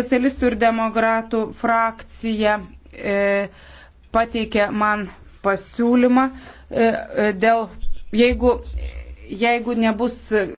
Socialistų ir demokratų frakcija e, pateikė man pasiūlymą e, e dėl, jeigu, jeigu nebus